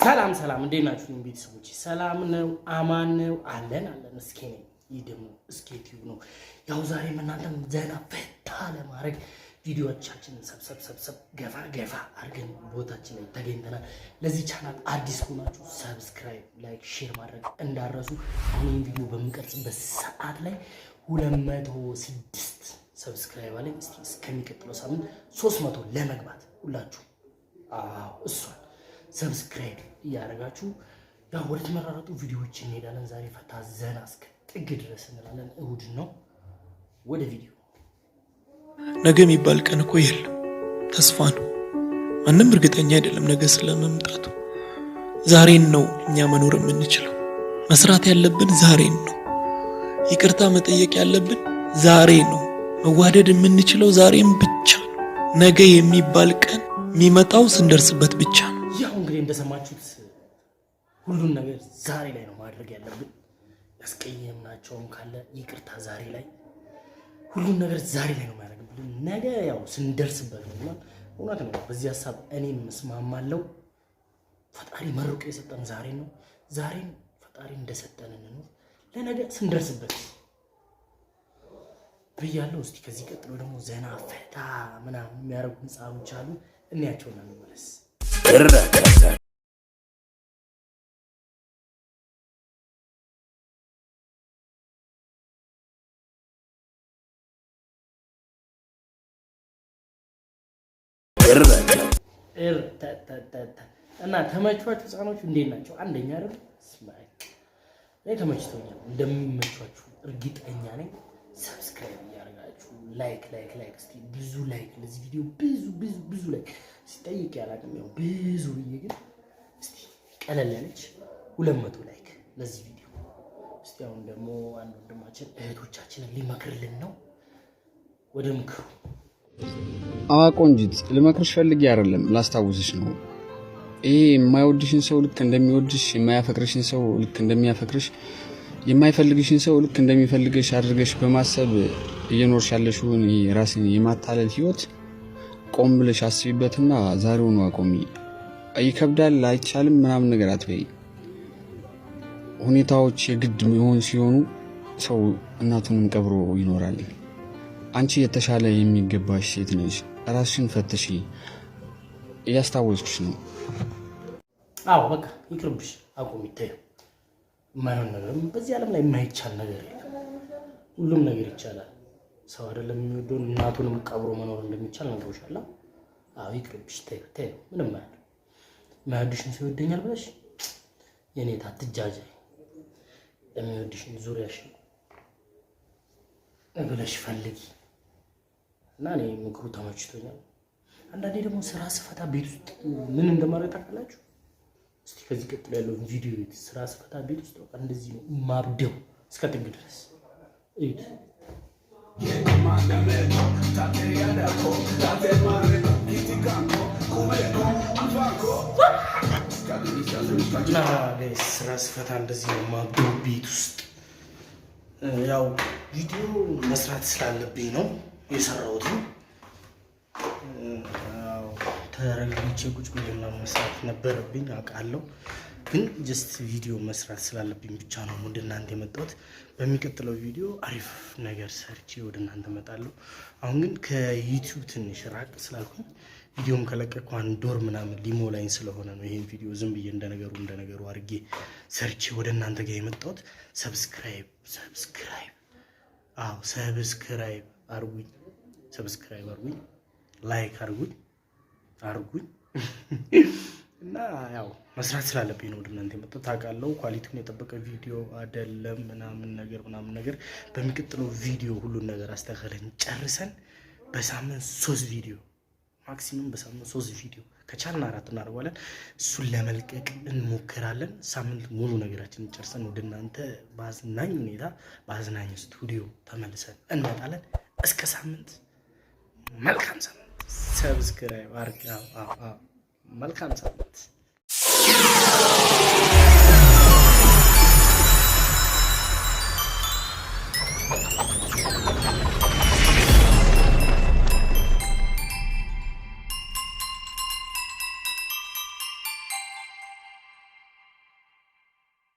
ሰላም ሰላም፣ እንዴት ናችሁ ቤተሰቦች? ሰላም ነው፣ አማን ነው፣ አለን አለን። እስኬ ነኝ፣ ይህ ደግሞ እስኬ ነው። ያው ዛሬ እናንተም ዘና ፈታ ለማድረግ ቪዲዮዎቻችንን ሰብሰብ ሰብሰብ ገፋ ገፋ አድርገን ቦታችን ላይ ተገኝተናል። ለዚህ ቻናል አዲስ ሆናችሁ ሰብስክራይብ፣ ላይክ፣ ሼር ማድረግ እንዳረሱ። እኔም ቪዲዮ በምቀርጽበት ሰዓት ላይ ሁለት መቶ ስድስት ሰብስክራይብ አለኝ። እስኪ እስከሚቀጥለው ሳምንት ሶስት መቶ ለመግባት ሁላችሁ እሷን ሰብስክራይብ እያደረጋችሁ ያው ወደ ተመራረጡ ቪዲዮዎች እንሄዳለን። ዛሬ ፈታ ዘና እስከ ጥግ ድረስ እንላለን። እሁድ ነው። ወደ ቪዲዮ ነገ የሚባል ቀን እኮ የለም፣ ተስፋ ነው። ማንም እርግጠኛ አይደለም ነገ ስለመምጣቱ። ዛሬን ነው እኛ መኖር የምንችለው። መስራት ያለብን ዛሬን ነው። ይቅርታ መጠየቅ ያለብን ዛሬ ነው። መዋደድ የምንችለው ዛሬም ብቻ ነው። ነገ የሚባል ቀን የሚመጣው ስንደርስበት ብቻ ነው። ያው እንግዲህ እንደሰማችሁት ሁሉን ነገር ዛሬ ላይ ነው ማድረግ ያለብን። ያስቀየምናቸውም ካለ ይቅርታ ዛሬ ላይ፣ ሁሉን ነገር ዛሬ ላይ ነው ነገ ያው ስንደርስበት ነው። እውነት ነው። በዚህ ሀሳብ እኔም እስማማለሁ። ፈጣሪ መርቆ የሰጠን ዛሬ ነው። ዛሬም ፈጣሪ እንደሰጠን ነው ለነገ ስንደርስበት ብያለሁ። እስ ከዚህ ቀጥሎ ደግሞ ዘና ፈታ ምናምን የሚያደርጉ ህንፃዎች አሉ፣ እንያቸውና እንመለስ። እር እና ተመቿችሁ ህፃኖች እንዴት ናቸው? አንደኛ አይደል ላይ ተመችቶኛል። እንደሚመቿችሁ እርግጠኛ ነኝ። ሰብስክራይብ እያደረጋችሁ ላይክ ላይክ ላይክ እስኪ ብዙ ላይክ ለዚህ ቪዲዮ ብዙ ብዙ ብዙ ላይክ ሲጠይቅ ያላቅም ያው ብዙ ብዬ ግን እስቲ ቀለል ያለች ሁለት መቶ ላይክ ለዚህ ቪዲዮ እስቲ። አሁን ደግሞ አንድ ወንድማችን እህቶቻችንን ሊመክርልን ነው። ወደ ምክሩ አዋ ቆንጂት፣ ልመክርሽ ፈልጌ አይደለም ላስታውስሽ ነው። ይሄ የማይወድሽን ሰው ልክ እንደሚወድሽ፣ የማያፈቅርሽን ሰው ልክ እንደሚያፈቅርሽ፣ የማይፈልግሽን ሰው ልክ እንደሚፈልገሽ አድርገሽ በማሰብ እየኖርሽ ያለሽውን ራስን የማታለል ህይወት ቆም ብለሽ አስቢበትና ዛሬውን አቆሚ። ይከብዳል፣ አይቻልም ምናምን ነገር አትበይ። ሁኔታዎች የግድ የሚሆን ሲሆኑ ሰው እናቱንም ቀብሮ ይኖራል። አንቺ የተሻለ የሚገባሽ ሴት ነሽ። ራስሽን ፈትሺ። እያስታወስኩሽ ነው። አዎ በቃ ይቅርብሽ፣ አቁም። ይታዩ የማይሆን ነገር በዚህ ዓለም ላይ የማይቻል ነገር የለም። ሁሉም ነገር ይቻላል። ሰው አይደለም የሚወደውን እናቱንም ቀብሮ መኖር እንደሚቻል ነግሮሻል። አዎ ይቅርብሽ፣ ተይው፣ ተይው። ምንም አይደል። የማይወድሽን ሰው ይወደኛል ብለሽ የኔታ አትጃጃይ። የሚወድሽን ዙሪያሽ ብለሽ ፈልጊ። እና እኔ ምግቡ ተመችቶኛል። አንዳንዴ ደግሞ ስራ ስፈታ ቤት ውስጥ ምን እንደማድረግ ታውቃላችሁ? እስቲ ከዚህ ቀጥሎ ያለውን ቪዲዮ ቤት ስራ ስፈታ ቤት ውስጥ በቃ እንደዚህ ነው ማብደው እስከ ጥግ ድረስ እዩት። ስራ ስፈታ እንደዚህ ነው ማብደው ቤት ውስጥ ያው ቪዲዮ መስራት ስላለብኝ ነው። የሰራሁት ነው። ተረጋግቼ ቁጭ ብዬና መስራት ነበረብኝ አውቃለሁ። ግን ጀስት ቪዲዮ መስራት ስላለብኝ ብቻ ነው ወደ እናንተ የመጣሁት። በሚቀጥለው ቪዲዮ አሪፍ ነገር ሰርቼ ወደ እናንተ እመጣለሁ። አሁን ግን ከዩቲዩብ ትንሽ ራቅ ስላልኩኝ ቪዲዮም ከለቀኩ አንድ ወር ምናምን ሊሞላኝ ስለሆነ ነው ይህን ቪዲዮ ዝም ብዬ እንደነገሩ እንደነገሩ አድርጌ ሰርቼ ወደ እናንተ ጋር የመጣሁት። ሰብስክራይብ ሰብስክራይብ፣ አዎ ሰብስክራይብ አርጉኝ። ሰብስክራይብ አርጉኝ፣ ላይክ አርጉኝ አርጉኝ እና ያው መስራት ስላለብኝ ነው ወደ እናንተ የመጣሁት። ታውቃለሁ ኳሊቲውን የጠበቀ ቪዲዮ አይደለም ምናምን ነገር ምናምን ነገር። በሚቀጥለው ቪዲዮ ሁሉን ነገር አስተካክለን ጨርሰን በሳምንት ሶስት ቪዲዮ ማክሲሙም በሳምንት ሶስት ቪዲዮ ከቻልን አራት እናደርጓለን። እሱን ለመልቀቅ እንሞክራለን። ሳምንት ሙሉ ነገራችንን ጨርሰን ወደ እናንተ በአዝናኝ ሁኔታ በአዝናኝ ስቱዲዮ ተመልሰን እንመጣለን። እስከ ሳምንት መልካም ሳምንት። ሰብስክራይብ አርጋ መልካም ሳምንት